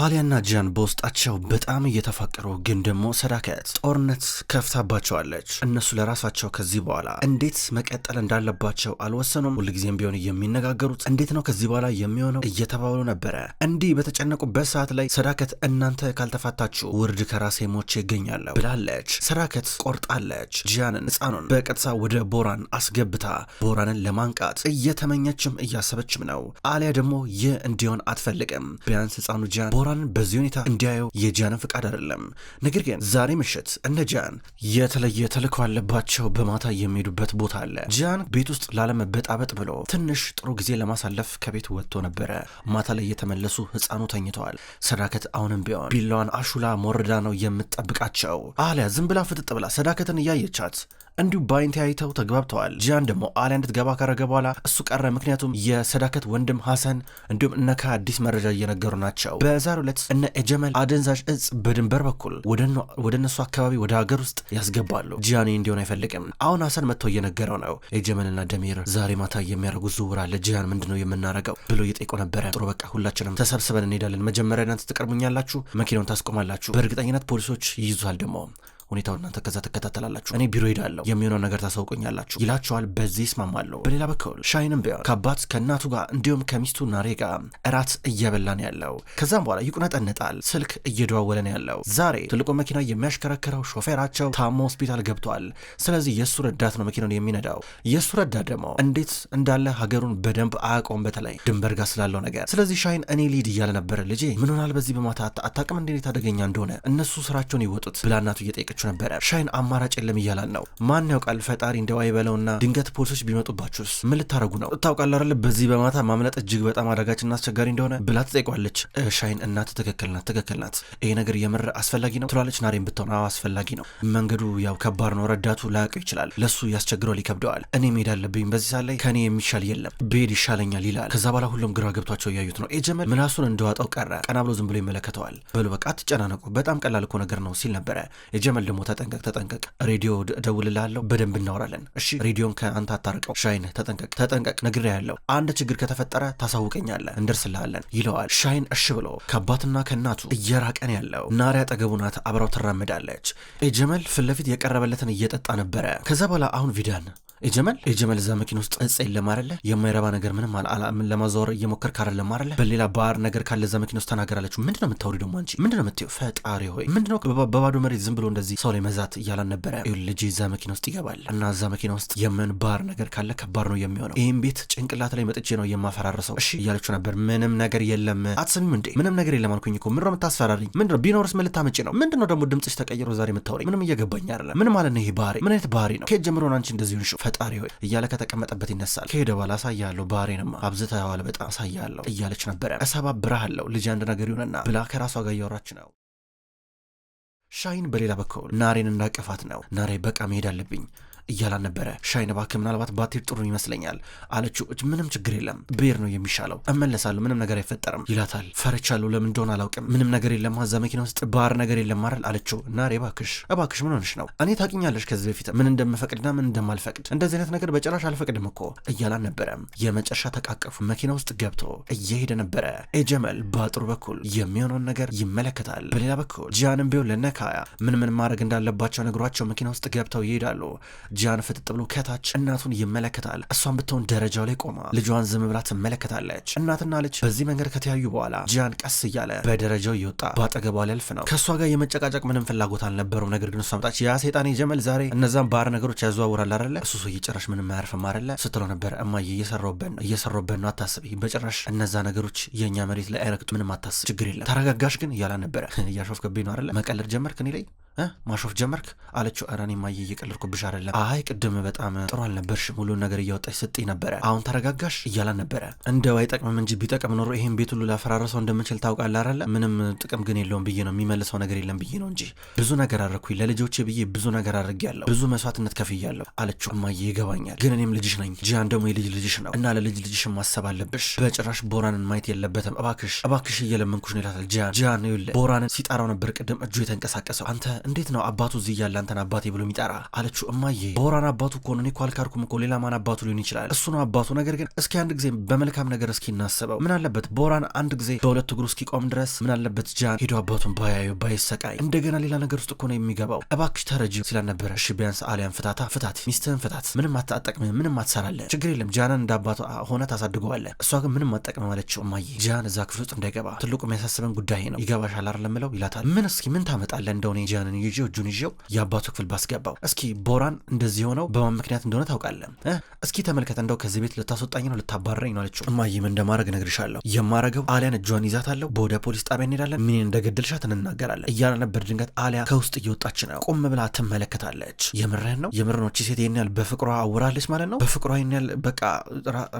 አሊያና ጂያን በውስጣቸው በጣም እየተፋቀሩ ግን ደግሞ ሰዳከት ጦርነት ከፍታባቸዋለች። እነሱ ለራሳቸው ከዚህ በኋላ እንዴት መቀጠል እንዳለባቸው አልወሰኑም። ሁልጊዜም ቢሆን የሚነጋገሩት እንዴት ነው ከዚህ በኋላ የሚሆነው እየተባሉ ነበረ። እንዲህ በተጨነቁበት ሰዓት ላይ ሰዳከት እናንተ ካልተፋታችሁ ውርድ ከራሴ ሞቼ ይገኛለሁ ብላለች። ሰዳከት ቆርጣለች። ጃንን ህፃኑን በቀጥታ ወደ ቦራን አስገብታ ቦራንን ለማንቃት እየተመኘችም እያሰበችም ነው። አሊያ ደግሞ ይህ እንዲሆን አትፈልግም። ቢያንስ ህፃኑ ። ጃን ምሁራንን በዚህ ሁኔታ እንዲያየው የጃን ፍቃድ አይደለም። ነገር ግን ዛሬ ምሽት እነ ጃን የተለየ ተልእኮ አለባቸው። በማታ የሚሄዱበት ቦታ አለ። ጃን ቤት ውስጥ ላለመበጣበጥ ብሎ ትንሽ ጥሩ ጊዜ ለማሳለፍ ከቤት ወጥቶ ነበረ። ማታ ላይ የተመለሱ ህፃኑ ተኝተዋል። ሰዳከት አሁንም ቢሆን ቢላዋን አሹላ ሞርዳ ነው የምትጠብቃቸው። አሊያ ዝም ብላ ፍጥጥ ብላ ሰዳከትን እያየቻት እንዲሁ በአይን ተያይተው ተግባብተዋል። ጂያን ደግሞ አሊያ እንድትገባ ካረገ በኋላ እሱ ቀረ። ምክንያቱም የሰዳከት ወንድም ሐሰን እንዲሁም እነ አዲስ መረጃ እየነገሩ ናቸው። በዛሬው ዕለት እነ ኤጀመል አደንዛዥ እጽ በድንበር በኩል ወደ እነሱ አካባቢ ወደ ሀገር ውስጥ ያስገባሉ። ጂያኔ እንዲሆን አይፈልግም። አሁን ሐሰን መጥቶ እየነገረው ነው። ኤጀመልና ደሚር ዛሬ ማታ የሚያደርጉ ዝውውር አለ። ጂያን ምንድን ነው የምናረገው ብሎ እየጠየቁ ነበረ። ጥሩ በቃ ሁላችንም ተሰብስበን እንሄዳለን። መጀመሪያ እናንተ ትቀድሙኛላችሁ፣ መኪናውን ታስቆማላችሁ። በእርግጠኝነት ፖሊሶች ይይዙሃል ደግሞ ሁኔታው እናንተ ከዛ ትከታተላላችሁ፣ እኔ ቢሮ ሄዳለሁ፣ የሚሆነው ነገር ታሳውቀኛላችሁ ይላቸዋል። በዚህ ይስማማለሁ። በሌላ በኩል ሻይንም ቢሆን ከአባት ከእናቱ ጋር እንዲሁም ከሚስቱ ናሬ ጋር እራት እየበላ ነው ያለው። ከዛም በኋላ ይቁነጠነጣል ስልክ እየደዋወለ ነው ያለው። ዛሬ ትልቁ መኪና የሚያሽከረክረው ሾፌራቸው ታሞ ሆስፒታል ገብቷል። ስለዚህ የእሱ ረዳት ነው መኪናውን የሚነዳው። የእሱ ረዳት ደግሞ እንዴት እንዳለ ሀገሩን በደንብ አያውቀውም፣ በተለይ ድንበር ጋር ስላለው ነገር። ስለዚህ ሻይን እኔ ሊድ እያለ ነበረ ልጄ ምንሆናል በዚህ በማታ አታውቅም እንዴት አደገኛ እንደሆነ እነሱ ስራቸውን ይወጡት ብላ እናቱ እየጠየቀች እያላችሁ ነበረ። ሻይን አማራጭ የለም እያላን ነው። ማን ያውቃል ፈጣሪ እንደዋ ይበለውና ድንገት ፖሊሶች ቢመጡባችሁስ ምን ልታደረጉ ነው? እታውቃል አይደል በዚህ በማታ ማምለጥ እጅግ በጣም አዳጋችና አስቸጋሪ እንደሆነ ብላ ትጠይቋለች። ሻይን እናት ትክክል ናት፣ ትክክል ናት፣ ይሄ ነገር የምር አስፈላጊ ነው ትሏለች። ናሬን ብትሆን አስፈላጊ ነው። መንገዱ ያው ከባድ ነው። ረዳቱ ላያውቀው ይችላል። ለሱ ያስቸግረዋል፣ ይከብደዋል። እኔ መሄድ አለብኝ። በዚህ ሰዓት ላይ ከኔ የሚሻል የለም፣ ብሄድ ይሻለኛል ይላል። ከዛ በኋላ ሁሉም ግራ ገብቷቸው እያዩት ነው። ኤጀመል ምናሱን እንደዋጠው ቀረ። ቀና ብሎ ዝም ብሎ ይመለከተዋል። በሉ በቃ አትጨናነቁ፣ በጣም ቀላል እኮ ነገር ነው ሲል ነበረ። ኤጀመል ደግሞ ተጠንቀቅ ተጠንቀቅ፣ ሬዲዮ ደውልላለሁ፣ በደንብ እናወራለን። እሺ ሬዲዮን ከአንተ አታርቀው። ሻይን ተጠንቀቅ ተጠንቀቅ፣ ነግሬ ያለው አንድ ችግር ከተፈጠረ ታሳውቀኛለህ፣ እንደርስልሃለን ይለዋል። ሻይን እሺ ብሎ ከአባትና ከእናቱ እየራቀን ያለው ናሪያ አጠገቡ ናት፣ አብራው ትራመዳለች። ጀመል ፊት ለፊት የቀረበለትን እየጠጣ ነበረ። ከዛ በኋላ አሁን ቪዳን የጀመል የጀመል እዛ መኪና ውስጥ ጸጸ የለም አለ የማይረባ ነገር ምንም ምን ለማዘወር እየሞከር ካረ አለ በሌላ ባር ነገር ካለ እዛ መኪና ውስጥ ተናገራለችሁ። ምንድነው የምታወሪ ደግሞ አንቺ? ምንድነው የምትይው? ፈጣሪ ሆይ ምንድነው በባዶ መሬት ዝም ብሎ እንደዚህ ሰው ላይ መዛት እያላን ነበረ። ልጅ እዛ መኪና ውስጥ ይገባል እና እዛ መኪና ውስጥ የምን ባር ነገር ካለ ከባድ ነው የሚሆነው። ይህም ቤት ጭንቅላት ላይ መጥቼ ነው የማፈራረሰው እሺ እያለችው ነበር። ምንም ነገር የለም አትሰሚም እንዴ? ምንም ነገር የለም አልኩኝ እኮ። ምንድነው የምታስፈራሪኝ? ምንድነው ቢኖርስ ምን ልታመጪ ነው? ምንድነው ደግሞ ድምፅሽ ተቀይሮ ዛሬ የምታወሪ? ምንም እየገባኝ አይደለም። ምን ማለት ነው ይሄ ባህሪ? ምን አይነት ባህሪ ነው? ከየት ጀምሮ ነው አንቺ እንደዚህ ሆንሽ? ፈጣሪ ሆይ እያለ ከተቀመጠበት ይነሳል። ከሄደ በኋላ አሳያለሁ፣ ባህሬንማ አብዝተዋል በጣም አሳያለሁ እያለች ነበረ። እሰባብርሃለሁ ልጅ አንድ ነገር ይሆነና ብላ ከራሷ ጋር እያወራች ነው። ሻይን በሌላ በኩል ናሬን እንዳቀፋት ነው። ናሬ በቃ መሄድ አለብኝ እያላን ነበረ። ሻይንባክ ምናልባት ባትሄድ ጥሩ ይመስለኛል አለችው። ምንም ችግር የለም ብሄር ነው የሚሻለው፣ እመለሳለሁ፣ ምንም ነገር አይፈጠርም ይላታል። ፈርቻለሁ፣ ለምን እንደሆነ አላውቅም። ምንም ነገር የለም፣ እዛ መኪና ውስጥ ባር ነገር የለም አይደል አለችው። ናሬ እባክሽ፣ እባክሽ ምን ሆነሽ ነው? እኔ ታውቂኛለሽ፣ ከዚህ በፊት ምን እንደምፈቅድና ምን እንደማልፈቅድ፣ እንደዚህ አይነት ነገር በጭራሽ አልፈቅድም እኮ እያላን ነበረ። የመጨረሻ ተቃቀፉ። መኪና ውስጥ ገብቶ እየሄደ ነበረ። ኤጀመል በአጥሩ በኩል የሚሆነውን ነገር ይመለከታል። በሌላ በኩል ጂያንም ቢሆን ለነካያ ምን ምን ማድረግ እንዳለባቸው ነግሯቸው መኪና ውስጥ ገብተው ይሄዳሉ። ጂያን ፍጥጥ ብሎ ከታች እናቱን ይመለከታል። እሷን ብትሆን ደረጃው ላይ ቆማ ልጇን ዝም ብላ ትመለከታለች። እናትና ልጅ በዚህ መንገድ ከተያዩ በኋላ ጂያን ቀስ እያለ በደረጃው እየወጣ በአጠገቧ ሊያልፍ ነው። ከእሷ ጋር የመጨቃጨቅ ምንም ፍላጎት አልነበረውም። ነገር ግን እሷ መጣች። ያ ሰይጣን የጀመል ዛሬ እነዛን ባር ነገሮች ያዘዋውራል አይደለ? እሱ ሰው ጭራሽ ምንም አያርፍም አይደለ? ስትለው ነበር። እማዬ እየሰራሁበት ነው እየሰራሁበት ነው፣ አታስቢ በጭራሽ እነዛ ነገሮች የእኛ መሬት ላይ አይረግጡ፣ ምንም አታስብ፣ ችግር የለም ተረጋጋሽ ግን እያላ ነበረ። እያሾፍክብኝ ነው አይደለ? መቀለድ ጀመርክ እኔ ላይ ማሾፍ ጀመርክ አለችው። ኧረ እኔ እማዬ እየቀለድኩብሽ አይደለም። አይ ቅድም በጣም ጥሩ አልነበርሽም፣ ሙሉ ነገር እያወጣች ስጥ ነበረ። አሁን ተረጋጋሽ እያላን ነበረ። እንደው አይጠቅምም እንጂ ቢጠቅም ኖሮ ይሄን ቤት ሁሉ ላፈራረሰው እንደምችል ታውቃለ አለ። ምንም ጥቅም ግን የለውም ብዬ ነው የሚመልሰው ነገር የለም ብዬ ነው እንጂ ብዙ ነገር አረኩኝ ለልጆቼ ብዬ ብዙ ነገር ያለው ብዙ መስዋዕትነት ያለው አለችው። እማዬ ይገባኛል፣ ግን እኔም ልጅሽ ነኝ፣ ጂያን ደግሞ የልጅ ልጅሽ ነው እና ለልጅ ልጅሽ ማሰብ አለብሽ። በጭራሽ ቦራንን ማየት የለበትም። እባክሽ እባክሽ እየለመንኩሽ ነው ይላታል ጂያን። ጂያን ይኸውልህ ቦራንን ሲጠራው ነበር ቅድም እጁ የተንቀሳቀሰው አንተ እንዴት ነው አባቱ እዚህ እያለ አንተን አባቴ ብሎ የሚጠራ አለችው። እማዬ በወራን አባቱ እኮ ነው፣ እኔ እኮ አልካድኩም እኮ ሌላ ማን አባቱ ሊሆን ይችላል? እሱ ነው አባቱ። ነገር ግን እስኪ አንድ ጊዜ በመልካም ነገር እስኪ እናስበው። ምን አለበት በወራን አንድ ጊዜ በሁለት እግሩ እስኪቆም ድረስ ምን አለበት ጃን ሄዶ አባቱን ባያዩ ባይሰቃይ። እንደገና ሌላ ነገር ውስጥ እኮ ነው የሚገባው። እባክሽ ተረጂ ሲላል ነበረ። እሺ ቢያንስ አሊያን ፍታታ፣ ፍታት፣ ሚስትህን ፍታት። ምንም አታጠቅም፣ ምንም አትሰራለን። ችግር የለም ጃንን እንደ አባቱ ሆነ ታሳድገዋለን። እሷ ግን ምንም አትጠቅምም አለችው። እማዬ ጃን እዛ ክፍል ውስጥ እንዳይገባ ትልቁ የሚያሳስበን ጉዳይ ነው። ይገባሻል አይደል ይላታል። ምን እስኪ ምን ታመጣለን እንደሆነ ጃን ያንን ይዤው እጁን ይዤው የአባቱ ክፍል ባስገባው። እስኪ ቦራን እንደዚህ የሆነው በማን ምክንያት እንደሆነ ታውቃለህ? እስኪ ተመልከት። እንደው ከዚህ ቤት ልታስወጣኝ ነው ልታባረረኝ ነው አለችው። እማዬም እንደማድረግ እነግርሻለሁ የማረገው አሊያን እጇን ይዛታለሁ፣ በወደ ፖሊስ ጣቢያ እንሄዳለን፣ ምን እንደገደልሻት እንናገራለን እያለ ነበር። ድንገት አሊያ ከውስጥ እየወጣች ነው። ቁም ብላ ትመለከታለች። የምርህን ነው የምርህን ሴት ይህን ያህል በፍቅሯ አውራለች ማለት ነው። በፍቅሯ ይህን ያህል በቃ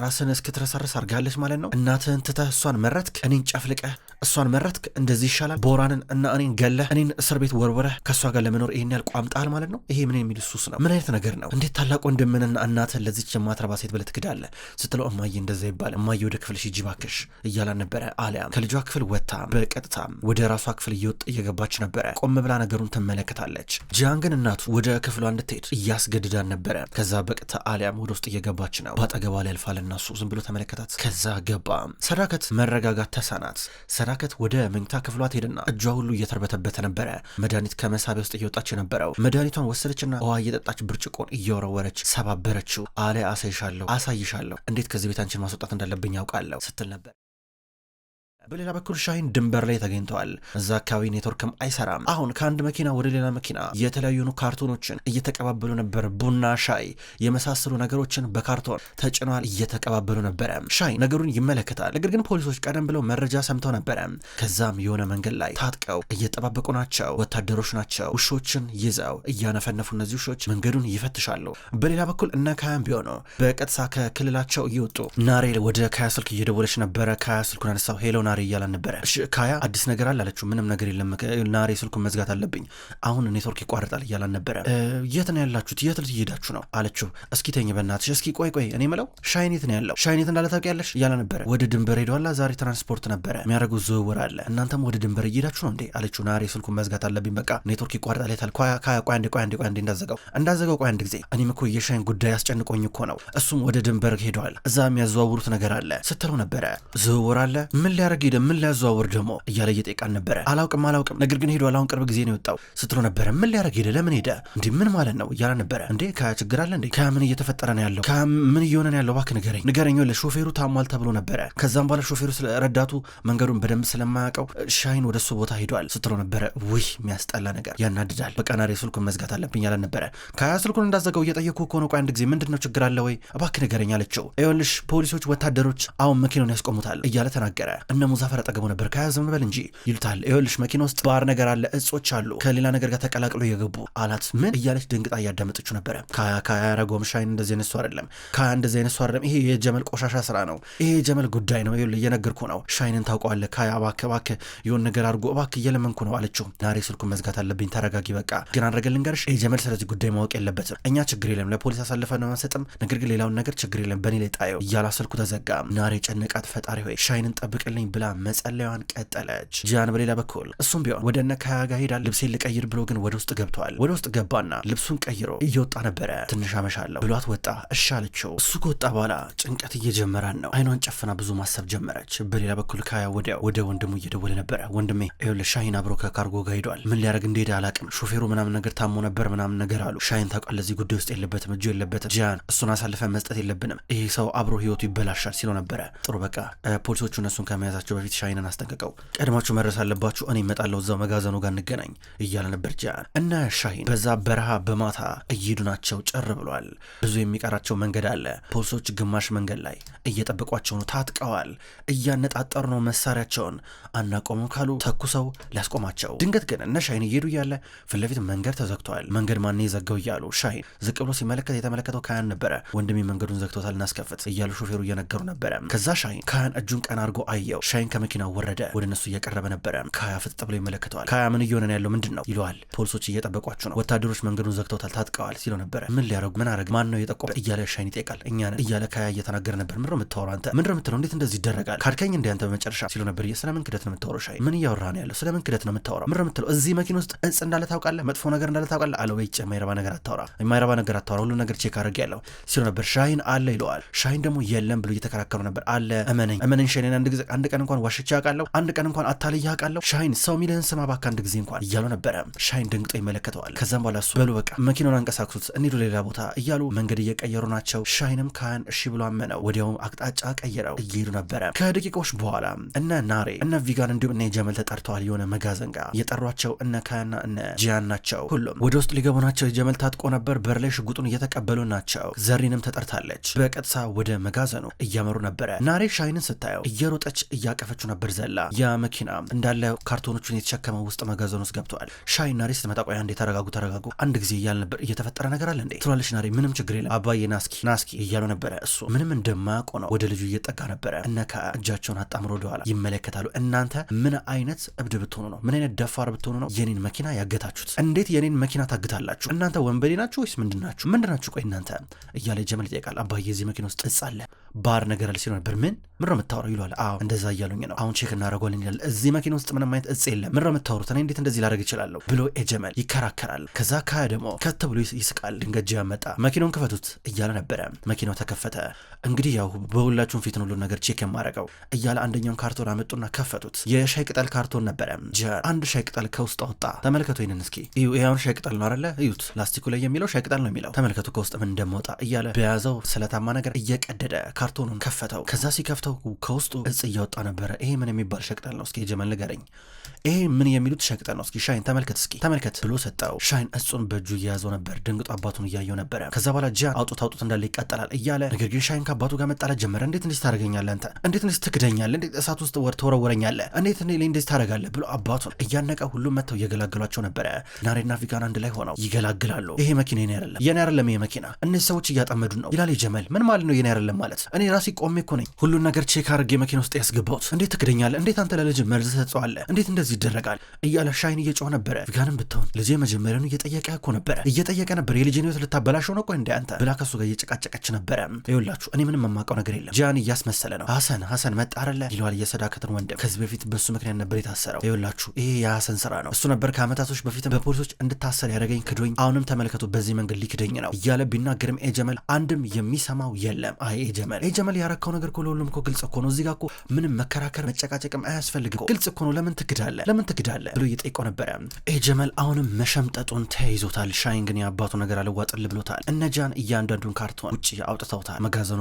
ራስን እስክትረሰርስ አርጋለች ማለት ነው። እናትህን ትተህ እሷን መረትክ፣ እኔን ጨፍልቀህ እሷን መረትክ። እንደዚህ ይሻላል ቦራንን እና እኔን ገለህ እኔን እስር ቤት ወርወረህ ከእሷ ጋር ለመኖር ይሄን ያህል ቋምጣል ማለት ነው። ይሄ ምን የሚል ሱስ ነው? ምን አይነት ነገር ነው? እንዴት ታላቅ ወንድምንና እናትህን ለዚች የማትረባ ሴት ብለህ ትክዳለህ? ስትለው እማዬ እንደዛ ይባል እማዬ ወደ ክፍልሽ ሂጂ እባክሽ እያላን ነበረ። አሊያም ከልጇ ክፍል ወጥታ በቀጥታ ወደ ራሷ ክፍል እየወጥ እየገባች ነበረ። ቆም ብላ ነገሩን ትመለከታለች። ጂያን ግን እናቱ ወደ ክፍሏ እንድትሄድ እያስገድዳን ነበረ። ከዛ በቀጥታ አሊያም ወደ ውስጥ እየገባች ነው። በአጠገቧ ላይ ያልፋል። እናሱ ዝም ብሎ ተመለከታት። ከዛ ገባ። ሰዳከት መረጋጋት ተሳናት። ሰዳከት ወደ መኝታ ክፍሏ ትሄድና እጇ ሁሉ እየተርበተበተ ነበረ መድኃኒት ከመሳቢያ ውስጥ እየወጣች የነበረው መድኃኒቷን ወሰደችና ውሃ እየጠጣች ብርጭቆን እየወረወረች ሰባበረችው። አለ አሳይሻለሁ አሳይሻለሁ እንዴት ከዚህ ቤት አንቺን ማስወጣት እንዳለብኝ ያውቃለሁ ስትል ነበር። በሌላ በኩል ሻሂን ድንበር ላይ ተገኝተዋል። እዛ አካባቢ ኔትወርክም አይሰራም። አሁን ከአንድ መኪና ወደ ሌላ መኪና የተለያዩ ካርቶኖችን እየተቀባበሉ ነበር። ቡና፣ ሻይ የመሳሰሉ ነገሮችን በካርቶን ተጭኗል እየተቀባበሉ ነበረ። ሻይ ነገሩን ይመለከታል። ነገር ግን ፖሊሶች ቀደም ብለው መረጃ ሰምተው ነበረ። ከዛም የሆነ መንገድ ላይ ታጥቀው እየጠባበቁ ናቸው። ወታደሮች ናቸው። ውሾችን ይዘው እያነፈነፉ እነዚህ ውሾች መንገዱን ይፈትሻሉ። በሌላ በኩል እነ ካያም ቢሆኑ በቀጥታ ከክልላቸው እየወጡ ናሬል ወደ ካያ ስልክ እየደወለች ነበረ። ካያ ስልኩን አነሳው። ሄሎ ናሬ እያላን ነበረ። ካያ አዲስ ነገር አለ አለችው። ምንም ነገር የለም ናሬ፣ ስልኩን መዝጋት አለብኝ አሁን ኔትወርክ ይቋረጣል እያላን ነበረ። የት ነው ያላችሁት? የት ልትሄዳችሁ ነው አለችው። እስኪ ተኝ በናትሽ፣ እስኪ ቆይ ቆይ፣ እኔ ምለው ሻይኔት ነው ያለው ሻይኔት እንዳለ ታውቂያለሽ እያላ ነበረ። ወደ ድንበር ሄደዋላ ዛሬ ትራንስፖርት ነበረ የሚያደርጉት ዝውውር አለ። እናንተም ወደ ድንበር እየሄዳችሁ ነው እንዴ አለችው። ናሬ ስልኩን መዝጋት አለብኝ በቃ ኔትወርክ ይቋረጣል ያታል። ካያ ቆይ አንዴ ቆይ አንዴ ቆይ አንዴ እንዳዘጋው እንዳዘጋው ቆይ አንድ ጊዜ እኔም እኮ የሻይን ጉዳይ አስጨንቆኝ እኮ ነው እሱም ወደ ድንበር ሄደዋል እዛ የሚያዘዋውሩት ነገር አለ ስትለው ነበረ። ዝውውር አለ ምን ሊያደርግ ሐረግ ሄደ ምን ሊያዘዋውር ደግሞ እያለ እየጠየቃን ነበረ። አላውቅም አላውቅም፣ ነገር ግን ሄዷል አሁን ቅርብ ጊዜ ነው የወጣው ስትሎ ነበረ። ምን ሊያረግ ሄደ? ለምን ሄደ? እንዴ ምን ማለት ነው እያለ ነበረ። እንዴ ከችግር አለ እንዴ ከምን እየተፈጠረ ነው ያለው? ከምን እየሆነ ነው ያለው? እባክህ ንገረኝ ንገረኝ። ለሾፌሩ ታሟል ተብሎ ነበረ። ከዛም በኋላ ሾፌሩ ረዳቱ መንገዱን በደንብ ስለማያውቀው ሻይን ወደ እሱ ቦታ ሄዷል ስትሎ ነበረ። ውይ የሚያስጠላ ነገር ያናድዳል። በቀናሪ ስልኩን መዝጋት አለብኝ ያለ ነበረ። ከሀያ ስልኩን እንዳዘጋው እየጠየኩ ከሆነ ቆይ አንድ ጊዜ ምንድን ነው ችግር አለ ወይ? እባክህ ንገረኝ አለችው። ይኸውልሽ ፖሊሶች፣ ወታደሮች አሁን መኪናውን ያስቆሙታል እያለ ተናገረ። እነ ሙዛፈር አጠገቡ ነበር። ከያዝ ዝም በል እንጂ ይሉታል። ይኸውልሽ መኪና ውስጥ ባር ነገር አለ፣ እጾች አሉ ከሌላ ነገር ጋር ተቀላቅሎ እየገቡ አላት። ምን እያለች ድንግጣ እያዳመጠችው ነበረ። ካያ ካያ ረጎምሻይን እንደዚህ አይነት ሰው አይደለም። ካያ እንደዚህ አይነት አይደለም። ይሄ የጀመል ቆሻሻ ስራ ነው። ይሄ የጀመል ጉዳይ ነው። ይኸውልህ እየነገርኩ ነው። ሻይንን ታውቀዋለህ። ካያ እባክህ እባክህ የሆነ ነገር አድርጎ እባክህ እየለመንኩ ነው አለችው። ናሬ ስልኩን መዝጋት አለብኝ፣ ተረጋጊ በቃ ግን አድረገልን ልንገርሽ፣ ጀመል ስለዚህ ጉዳይ ማወቅ የለበትም። እኛ ችግር የለም ለፖሊስ አሳልፈ ነው አንሰጥም። ነገር ግን ሌላውን ነገር ችግር የለም በእኔ ላይ ጣየው እያላ ስልኩ ተዘጋ። ናሬ ጨነቃት። ፈጣሪ ሆይ ሻይንን ጠብቅልኝ ብላ መጸለያዋን ቀጠለች። ጂያን በሌላ በኩል እሱም ቢሆን ወደ እነ ካያ ጋር ሄዳል። ልብሴን ልቀይር ብሎ ግን ወደ ውስጥ ገብቷል። ወደ ውስጥ ገባና ልብሱን ቀይሮ እየወጣ ነበረ። ትንሽ አመሻለሁ ብሏት ወጣ። እሺ አለችው። እሱ ከወጣ በኋላ ጭንቀት እየጀመራን ነው። አይኗን ጨፍና ብዙ ማሰብ ጀመረች። በሌላ በኩል ካያ ወደ ወደ ወንድሙ እየደወለ ነበረ። ወንድሜ ይኸውልህ ሻሂን አብሮ ከካርጎ ጋር ሄዷል። ምን ሊያደርግ እንደሄደ አላቅም። ሾፌሩ ምናምን ነገር ታሞ ነበር ምናምን ነገር አሉ። ሻሂን ታውቃለህ፣ ለዚህ ጉዳይ ውስጥ የለበትም፣ እጁ የለበትም። ጂያን እሱን አሳልፈን መስጠት የለብንም። ይህ ሰው አብሮ ህይወቱ ይበላሻል ሲለው ነበረ። ጥሩ በቃ ፖሊሶቹ እነሱን ከመያዛቸው ከመድረሳቸው በፊት ሻይንን አስጠንቅቀው ቀድማችሁ መድረስ አለባችሁ፣ እኔ እመጣለሁ፣ እዛው መጋዘኑ ጋር እንገናኝ እያለ ነበር ጂያን እና ሻይን በዛ በረሃ በማታ እየሄዱ ናቸው። ጨር ብሏል። ብዙ የሚቀራቸው መንገድ አለ። ፖሊሶች ግማሽ መንገድ ላይ እየጠበቋቸው ነው። ታጥቀዋል፣ እያነጣጠሩ ነው መሳሪያቸውን። አናቆሙ ካሉ ተኩሰው ሊያስቆማቸው። ድንገት ግን እነ ሻይን እየሄዱ እያለ ፊት ለፊት መንገድ ተዘግቷል። መንገድ ማን ዘጋው እያሉ ሻይን ዝቅ ብሎ ሲመለከት የተመለከተው ካያን ነበረ። ወንድሜ መንገዱን ዘግቶታል፣ እናስከፍት እያሉ ሾፌሩ እየነገሩ ነበረ። ከዛ ሻይን ካያን እጁን ቀና አድርጎ አየው። ላይን ከመኪናው ወረደ። ወደ እነሱ እየቀረበ ነበረ። ካያ ፍጥጥ ብሎ ይመለከተዋል። ካያ ምን እየሆነ ያለው ምንድን ነው ይለዋል። ፖሊሶች እየጠበቋችሁ ነው፣ ወታደሮች መንገዱን ዘግተውታል፣ ታጥቀዋል ሲለው ነበረ። ምን ሊያደረጉ ምን አረግ ማን ነው የጠቆመ እያለ ሻይን ይጠይቃል። እኛን እያለ ካያ እየተናገረ ነበር። ምንድነው የምታወራው አንተ? ምንድነው የምትለው? እንዴት እንደዚህ ይደረጋል? ካድከኝ እንደ አንተ በመጨረሻ ሲለው ነበር። ስለምን ክደት ነው የምታወራው? ሻይ ምን እያወራ ነው ያለው? ስለምን ክደት ነው የምታወራው? ምንድነው የምትለው? እዚህ መኪና ውስጥ እጽ እንዳለ ታውቃለህ፣ መጥፎ ነገር እንዳለ ታውቃለህ አለ። ወይ የማይረባ ነገር አታወራ፣ የማይረባ ነገር አታወራ፣ ሁሉ ነገር ቼክ አድርግ ያለው ሲለው ነበር። ሻይን አለ ይለዋል። ሻይን ደግሞ የለም ብሎ እየተከራከሩ ነበር። አለ እመነኝ፣ እመነኝ ሻይን አንድ ቀን እንኳን ዋሽቻ ያውቃለሁ፣ አንድ ቀን እንኳን አታልያ ያውቃለሁ። ሻይን ሰው ሚልህን ስማ ባካ አንድ ጊዜ እንኳን እያሉ ነበረ። ሻይን ደንግጦ ይመለከተዋል። ከዛም በኋላ እሱ በሉ በቃ መኪናውን አንቀሳቅሱት እንሂዱ ሌላ ቦታ እያሉ መንገድ እየቀየሩ ናቸው። ሻይንም ካህን እሺ ብሎ አመነው። ወዲያውም አቅጣጫ ቀይረው እየሄዱ ነበረ። ከደቂቃዎች በኋላ እነ ናሬ እነ ቪጋን እንዲሁም እነ ጀመል ተጠርተዋል። የሆነ መጋዘን ጋር የጠሯቸው እነ ካህና እነ ጂያን ናቸው። ሁሉም ወደ ውስጥ ሊገቡ ናቸው። የጀመል ታጥቆ ነበር። በር ላይ ሽጉጡን እየተቀበሉ ናቸው። ዘሪንም ተጠርታለች። በቀጥታ ወደ መጋዘኑ እያመሩ ነበረ። ናሬ ሻይንን ስታየው እየሮጠች እያ እያቀፈችው ነበር ዘላ። ያ መኪና እንዳለ ካርቶኖቹን የተሸከመ ውስጥ መጋዘን ውስጥ ገብተዋል። ሻይ ናሬ ስትመጣ ቆይ አንዴ ተረጋጉ ተረጋጉ አንድ ጊዜ እያል ነበር። እየተፈጠረ ነገር አለ እንዴ ትላለች ናሬ። ምንም ችግር የለም አባዬ ናስኪ ናስኪ እያሉ ነበረ። እሱ ምንም እንደማያውቁ ነው ወደ ልጁ እየጠጋ ነበረ። እነከ ከእጃቸውን አጣምሮ ወደኋላ ይመለከታሉ። እናንተ ምን አይነት እብድ ብትሆኑ ነው? ምን አይነት ደፋር ብትሆኑ ነው የኔን መኪና ያገታችሁት? እንዴት የኔን መኪና ታግታላችሁ? እናንተ ወንበዴ ናችሁ ወይስ ምንድናችሁ? ምንድናችሁ? ቆይ እናንተ እያለ ጀመል ይጠይቃል። አባዬ እዚህ መኪና ውስጥ እጽ አለ ባር ነገር አለ ሲሉ ነበር። ምን ምን ነው የምታወራው ይሏል። አዎ እንደዛ እያሉኝ ነው አሁን ቼክ እናደርገዋለን ይላል። እዚህ መኪና ውስጥ ምንም አይነት እጽ የለም። ምን ነው የምታወሩት? እኔ እንዴት እንደዚህ ላደርግ እችላለሁ ብሎ ኤጀመል ይከራከራል። ከዛ ካያ ደግሞ ከት ብሎ ይስቃል። ድንገት ጃ መጣ። መኪናውን ክፈቱት እያለ ነበረ። መኪናው ተከፈተ። እንግዲህ ያው በሁላችሁም ፊት ሁሉ ነገር ቼክ የማደርገው እያለ አንደኛውን ካርቶን አመጡና ከፈቱት። የሻይ ቅጠል ካርቶን ነበረ። ጃ አንድ ሻይ ቅጠል ከውስጥ አወጣ። ተመልከቱ ይንን እስኪ ይሁን ሻይ ቅጠል ነው አለ። እዩት ላስቲኩ ላይ የሚለው ሻይ ቅጠል ነው የሚለው ተመልከቱ ከውስጥ ምን እንደመወጣ እያለ በያዘው ስለታማ ነገር እየቀደደ ካርቶኑን ከፈተው። ከዛ ሲከፍተው ከውስጡ እጽ እያወጣ ነበረ። ይሄ ምን የሚባል ሸቅጠል ነው? እስኪ ጀመን ንገረኝ። ይሄ ምን የሚሉት ሸቅጠ ነው? እስኪ ሻይን ተመልከት፣ እስኪ ተመልከት ብሎ ሰጠው። ሻይን እጹን በእጁ እየያዘው ነበር። ደንግጦ አባቱን እያየው ነበረ። ከዛ በኋላ ጂያን አውጡት፣ አውጡት እንዳለ ይቀጠላል እያለ ነገር ግን ሻይን ከአባቱ ጋር መጣላት ጀመረ። እንዴት እንዴት ታደርገኛለህ አንተ? እንዴት እንዴት ትክደኛለህ? እንዴት እሳት ውስጥ ወር ተወረወረኛለህ? እንዴት እኔ ላይ እንዴት ታደርጋለህ? ብሎ አባቱን እያነቀ ሁሉም መጥተው እየገላገሏቸው ነበረ። ናሬና ቪጋን አንድ ላይ ሆነው ይገላግላሉ። ይሄ መኪና የኔ አይደለም፣ የኔ አይደለም፣ ይሄ መኪና እነዚህ ሰዎች እያጠመዱ ነው ይላል የጀመል። ምን ማለት ነው የኔ አይደለም ማለት? እኔ ራሴ ቆሜ እኮ ነኝ ሁሉን ነገር ቼክ አድርጌ መኪና ውስጥ ያስገባሁት። እንዴት ትክደኛለህ? እንዴት አንተ ለልጅ መርዝ ሰጠዋለህ? እንዴት እንደዚህ ይደረጋል እያለ ሻይን እየጮኸ ነበረ። ቪጋንም ብትሆን ልጄ መጀመሪያን እየጠየቀ እኮ ነበረ እየጠየቀ ነበር የልጄን ህይወት ልታበላሸው ነው ቆይ እንደ አንተ ብላ ከሱ ጋር እየጨቃጨቀች ነበረ። ይኸውላችሁ እኔ ምንም የማውቀው ነገር የለም ጃን እያስመሰለ ነው። ሀሰን ሀሰን መጣረለ ይለዋል እየሰዳከትን ወንድም። ከዚህ በፊት በሱ ምክንያት ነበር የታሰረው። ይኸውላችሁ ይሄ የሀሰን ስራ ነው። እሱ ነበር ከአመታቶች በፊት በፖሊሶች እንድታሰር ያደረገኝ ክዶኝ፣ አሁንም ተመልከቱ በዚህ መንገድ ሊክደኝ ነው እያለ ቢናገርም ኤጀመል አንድም የሚሰማው የለም። አይ ኤጀመል ኤጀመል ያረካው ነገር እኮ ለሁሉም እኮ ግልጽ እኮ ነው። እዚህ ጋር እኮ ምንም መከራከር መጨቃጨቅም አያስፈልግም። ግልጽ እኮ ነው ለምን ትክደ ትክዳለህ? ለምን ትክዳለህ? ብሎ እየጠየቀው ነበረ። ይህ ጀመል አሁንም መሸምጠጡን ተያይዞታል። ሻይን ግን የአባቱ ነገር አልዋጥል ብሎታል። እነጃን እያንዳንዱን ካርቶን ውጭ አውጥተውታል። መጋዘኑ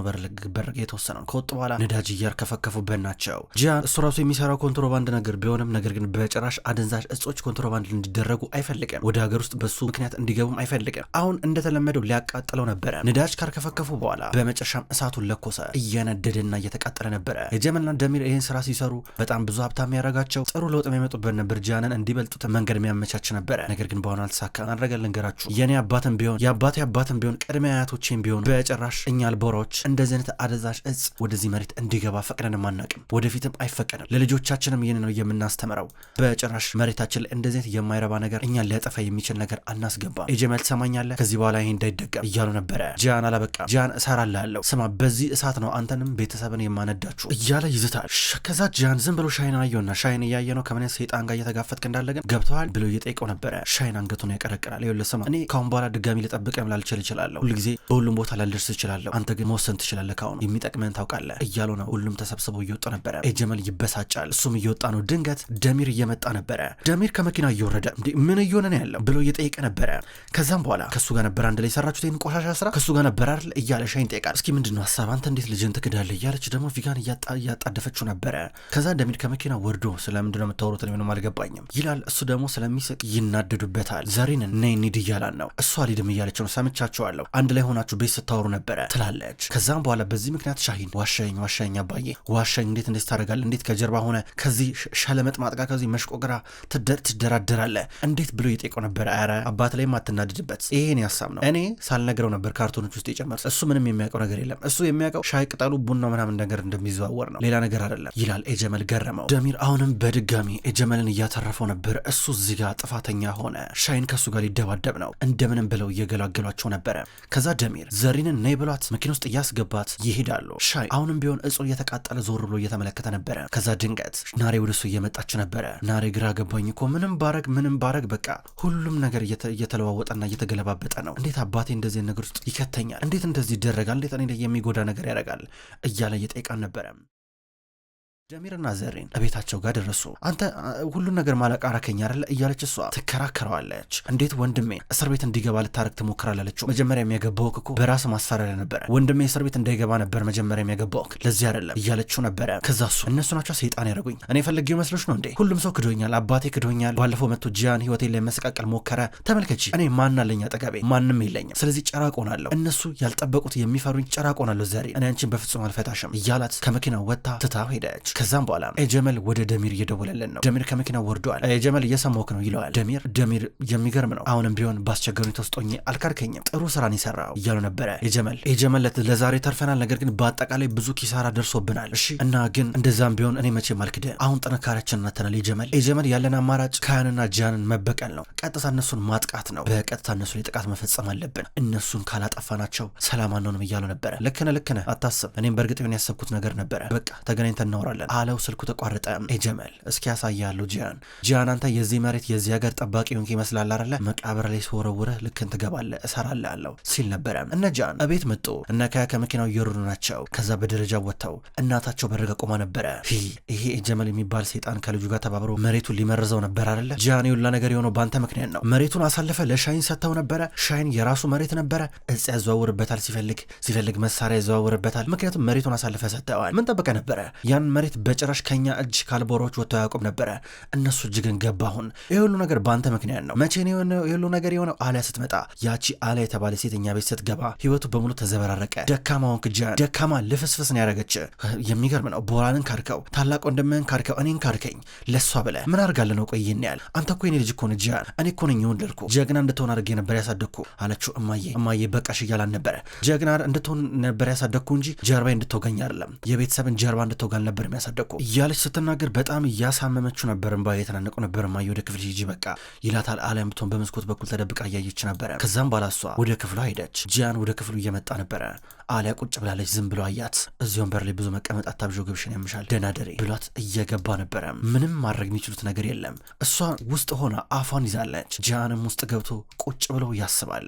በር የተወሰነውን ከወጡ በኋላ ነዳጅ እያርከፈከፉበት ናቸው። ጂያን እሱ ራሱ የሚሰራው ኮንትሮባንድ ነገር ቢሆንም ነገር ግን በጭራሽ አደንዛዥ እጾች ኮንትሮባንድ እንዲደረጉ አይፈልግም። ወደ ሀገር ውስጥ በሱ ምክንያት እንዲገቡም አይፈልግም። አሁን እንደተለመደው ሊያቃጥለው ነበረ። ነዳጅ ካርከፈከፉ በኋላ በመጨረሻም እሳቱን ለኮሰ። እየነደደና እየተቃጠለ ነበረ። የጀመልና ደሚር ይህን ስራ ሲሰሩ በጣም ብዙ ሀብታም ያደረጋቸው ጥሩ ለውጥ ፍጹም የመጡበት ነበር። ጂያንን እንዲበልጡት መንገድ የሚያመቻች ነበረ። ነገር ግን በኋላ አልተሳካ አድረገ። ልንገራችሁ የኔ አባትም ቢሆን የአባቴ አባትም ቢሆን ቅድሚያ አያቶቼም ቢሆን በጭራሽ እኛ አልቦራዎች እንደዚህ አይነት አደዛዥ እጽ ወደዚህ መሬት እንዲገባ ፈቅደንም አናውቅም፣ ወደፊትም አይፈቀድም። ለልጆቻችንም ይህን ነው የምናስተምረው። በጭራሽ መሬታችን ላይ እንደዚህ አይነት የማይረባ ነገር እኛ ሊያጠፋ የሚችል ነገር አናስገባም። ኤጀመል ትሰማኛለህ? ከዚህ በኋላ ይህ እንዳይደገም እያሉ ነበረ። ጃን አላበቃ። ጂያን እሰራልሃለሁ፣ ስማ፣ በዚህ እሳት ነው አንተንም ቤተሰብን የማነዳችሁ እያለ ይዝታል። ከዛ ጃን ዝም ብሎ ሻይን አየውና ሻይን እያየ ነው ከሆነ ሴጣን ጋር እየተጋፈጥክ እንዳለ ግን ገብተዋል ብሎ እየጠየቀው ነበረ። ሻይን አንገቱን ያቀረቅራል። ይኸውልህ ስማ፣ እኔ ካሁን በኋላ ድጋሚ ልጠብቅም ላልችል እችላለሁ። ሁልጊዜ በሁሉም ቦታ ላልደርስ እችላለሁ። አንተ ግን መወሰን ትችላለህ። ካሁኑ የሚጠቅመን ታውቃለህ እያሉ ነው። ሁሉም ተሰብስበው እየወጡ ነበረ። ኤጀመል ይበሳጫል። እሱም እየወጣ ነው። ድንገት ደሚር እየመጣ ነበረ። ደሚር ከመኪና እየወረደ እንዴ ምን እየሆነ ነው ያለው ብሎ እየጠየቀ ነበረ። ከዛም በኋላ ከእሱ ጋር ነበር አንድ ላይ የሰራችሁት ይህን ቆሻሻ ስራ ከእሱ ጋር ነበር አይደል እያለ ሻይን ይጠይቃል። እስኪ ምንድን ነው ሀሳብ አንተ እንዴት ልጅን ትክዳለህ እያለች ደግሞ ቪጋን እያጣደፈችው ነበረ። ከዛ ደሚር ከመኪና ወርዶ ስለምንድነው የምታወ የሚያወሩትን ምንም አልገባኝም ይላል። እሱ ደግሞ ስለሚስቅ ይናደዱበታል። ዘሬንን ነይ እንሂድ እያላን ነው፣ እሷ አልሄድም እያለች ነው። ሰምቻችኋለሁ፣ አንድ ላይ ሆናችሁ ቤት ስታወሩ ነበረ ትላለች። ከዛም በኋላ በዚህ ምክንያት ሻሂን ዋሻኝ፣ ዋሻኝ፣ አባዬ ዋሻኝ፣ እንዴት እንዴት ታደርጋለህ? እንዴት ከጀርባ ሆነ ከዚህ ሸለመጥ ማጥቃ ከዚህ ግራ ትደራደራለህ? እንዴት ብሎ ይጠይቀው ነበረ። ኧረ አባት ላይ ማትናድድበት፣ ይሄን ያሳብ ነው። እኔ ሳልነግረው ነበር ካርቶኖች ውስጥ የጨመር እሱ ምንም የሚያውቀው ነገር የለም። እሱ የሚያውቀው ሻይ ቅጠሉ፣ ቡና ምናምን ነገር እንደሚዘዋወር ነው፣ ሌላ ነገር አይደለም ይላል ኤጀመል ገረመው። ደሚር አሁንም በድጋሚ ጀመልን እያተረፈው ነበር። እሱ እዚህ ጋር ጥፋተኛ ሆነ። ሻይን ከእሱ ጋር ሊደባደብ ነው። እንደምንም ብለው እየገላገሏቸው ነበረ። ከዛ ደሚር ዘሪንን ነይ ብሏት መኪና ውስጥ እያስገባት ይሄዳሉ። ሻይ አሁንም ቢሆን እጹ እየተቃጠለ ዞር ብሎ እየተመለከተ ነበረ። ከዛ ድንገት ናሬ ወደ እሱ እየመጣች ነበረ። ናሬ ግራ ገባኝ እኮ ምንም ባረግ ምንም ባረግ በቃ ሁሉም ነገር እየተለዋወጠና እየተገለባበጠ ነው። እንዴት አባቴ እንደዚህ ነገር ውስጥ ይከተኛል? እንዴት እንደዚህ ይደረጋል? እንዴት እኔ የሚጎዳ ነገር ያደርጋል? እያለ እየጠይቃን ነበረ። ጀሚርና ዘሬን እቤታቸው ጋር ደረሱ። አንተ ሁሉን ነገር ማለቅ አረከኝ አይደለ እያለች እሷ ትከራከረዋለች። እንዴት ወንድሜ እስር ቤት እንዲገባ ልታረግ ትሞክራላለችው? መጀመሪያ የሚያገባውክ እኮ በራስ ማሳረሪያ ነበረ። ወንድሜ እስር ቤት እንዳይገባ ነበር መጀመሪያ የሚያገባውክ፣ ለዚህ አይደለም እያለችው ነበረ። ከዛ እሱ እነሱ ናቸው ሰይጣን ያደረጉኝ እኔ ፈልጌው መስሎች ነው እንዴ? ሁሉም ሰው ክዶኛል፣ አባቴ ክዶኛል። ባለፈው መቶ ጂያን ህይወቴን ላይ ሞከረ። ተመልከቺ፣ እኔ ማን አለኝ አጠገቤ? ማንም የለኝም። ስለዚህ ጭራቅ ሆናለሁ። እነሱ ያልጠበቁት የሚፈሩኝ ጭራቅ ሆናለሁ። ዘሬ እኔ አንቺን በፍጹም አልፈታሽም እያላት ከመኪናው ወጥታ ትታው ሄደች። ከዛም በኋላ ጀመል ወደ ደሚር እየደወለልን ነው። ደሚር ከመኪና ወርዷል። ጀመል እየሰማክ ነው ይለዋል። ደሚር ደሚር የሚገርም ነው። አሁንም ቢሆን ባስቸገሩ ተስጦኝ አልካድከኝም፣ ጥሩ ስራን ይሰራው እያሉ ነበረ። የጀመል የጀመል ለዛሬ ተርፈናል፣ ነገር ግን በአጠቃላይ ብዙ ኪሳራ ደርሶብናል። እሺ እና ግን እንደዛም ቢሆን እኔ መቼ ማልክደ አሁን ጥንካሬያችን እናተናል። የጀመል የጀመል ያለን አማራጭ ካያንና ጃንን መበቀል ነው። ቀጥታ እነሱን ማጥቃት ነው። በቀጥታ እነሱ ላይ ጥቃት መፈጸም አለብን። እነሱን ካላጠፋናቸው ሰላም አንሆንም እያሉ ነበረ። ልክነ ልክነ አታስብ። እኔም በእርግጥ ያሰብኩት ነገር ነበረ። በቃ ተገናኝተን እናወራለን አለው። ስልኩ ተቋረጠ። ኤጀመል እስኪ ያሳያለሁ። ጂያን ጂያን፣ አንተ የዚህ መሬት የዚህ ሀገር ጠባቂ ሆንክ ይመስላል አለ። መቃብር ላይ ስወረውረህ ልክን ትገባለ እሰራለ አለው ሲል ነበረ። እነ ጂያን እቤት መጡ። እነ ከያ ከመኪናው እየሩዱ ናቸው። ከዛ በደረጃ ወጥተው እናታቸው በረጋ ቆማ ነበረ። ይሄ ኤጀመል የሚባል ሰይጣን ከልጁ ጋር ተባብሮ መሬቱን ሊመርዘው ነበር አለ። ጂያን፣ ይሁላ ነገር የሆነው በአንተ ምክንያት ነው። መሬቱን አሳልፈ ለሻይን ሰጥተው ነበረ። ሻይን የራሱ መሬት ነበረ። እጽ ያዘዋውርበታል ሲፈልግ፣ ሲፈልግ መሳሪያ ያዘዋውርበታል። ምክንያቱም መሬቱን አሳልፈ ሰጥተዋል። ምን ጠበቀ ነበረ? ያን መሬት በጭራሽ ከኛ እጅ ካልቦሮች ወጥቶ አያውቁም ነበረ። እነሱ እጅ እጅግን ገባሁን። ይህ ሁሉ ነገር በአንተ ምክንያት ነው። መቼ ነው ይህ ሁሉ ነገር የሆነው? አሊያ ስትመጣ ያቺ አሊያ የተባለ ሴት እኛ ቤት ስትገባ ህይወቱ በሙሉ ተዘበራረቀ። ደካማ ወንክ ጃን ደካማ ልፍስፍስን ያደረገች የሚገርም ነው። ቦራንን ካድከው፣ ታላቅ ወንድምህን ካድከው፣ እኔን ካድከኝ። ለሷ ብለህ ምን አርጋለ ነው? ቆይን ያል። አንተ እኮ የኔ ልጅ እኮ ነህ ጃን። እኔ እኮ ነኝ የወለድኩ ጀግና እንድትሆን አድርጌ ነበር ያሳደግኩ አለችው። እማዬ እማዬ በቃሽ እያላን ነበረ። ጀግና እንድትሆን ነበር ያሳደግኩ እንጂ ጀርባ እንድትወጋኝ አይደለም። የቤተሰብን ጀርባ እንድትወጋ አልነበር ያሳደግኩ እያለች ስትናገር በጣም እያሳመመችው ነበር። እንባ የተናነቁ ነበር። እማዬ ወደ ክፍል ሂጂ በቃ ይላታል። አሊያም ብትሆን በመስኮት በኩል ተደብቃ እያየች ነበረ። ከዛም ባላሷ ወደ ክፍሉ ሄደች። ጂያን ወደ ክፍሉ እየመጣ ነበረ። አሊያ ቁጭ ብላለች። ዝም ብሎ አያት። እዚህ ወንበር ላይ ብዙ መቀመጥ አታብዦ፣ ግብሽን ያምሻል፣ ደናደሬ ብሏት እየገባ ነበረ። ምንም ማድረግ የሚችሉት ነገር የለም። እሷ ውስጥ ሆና አፏን ይዛለች። ጂያንም ውስጥ ገብቶ ቁጭ ብለው ያስባል።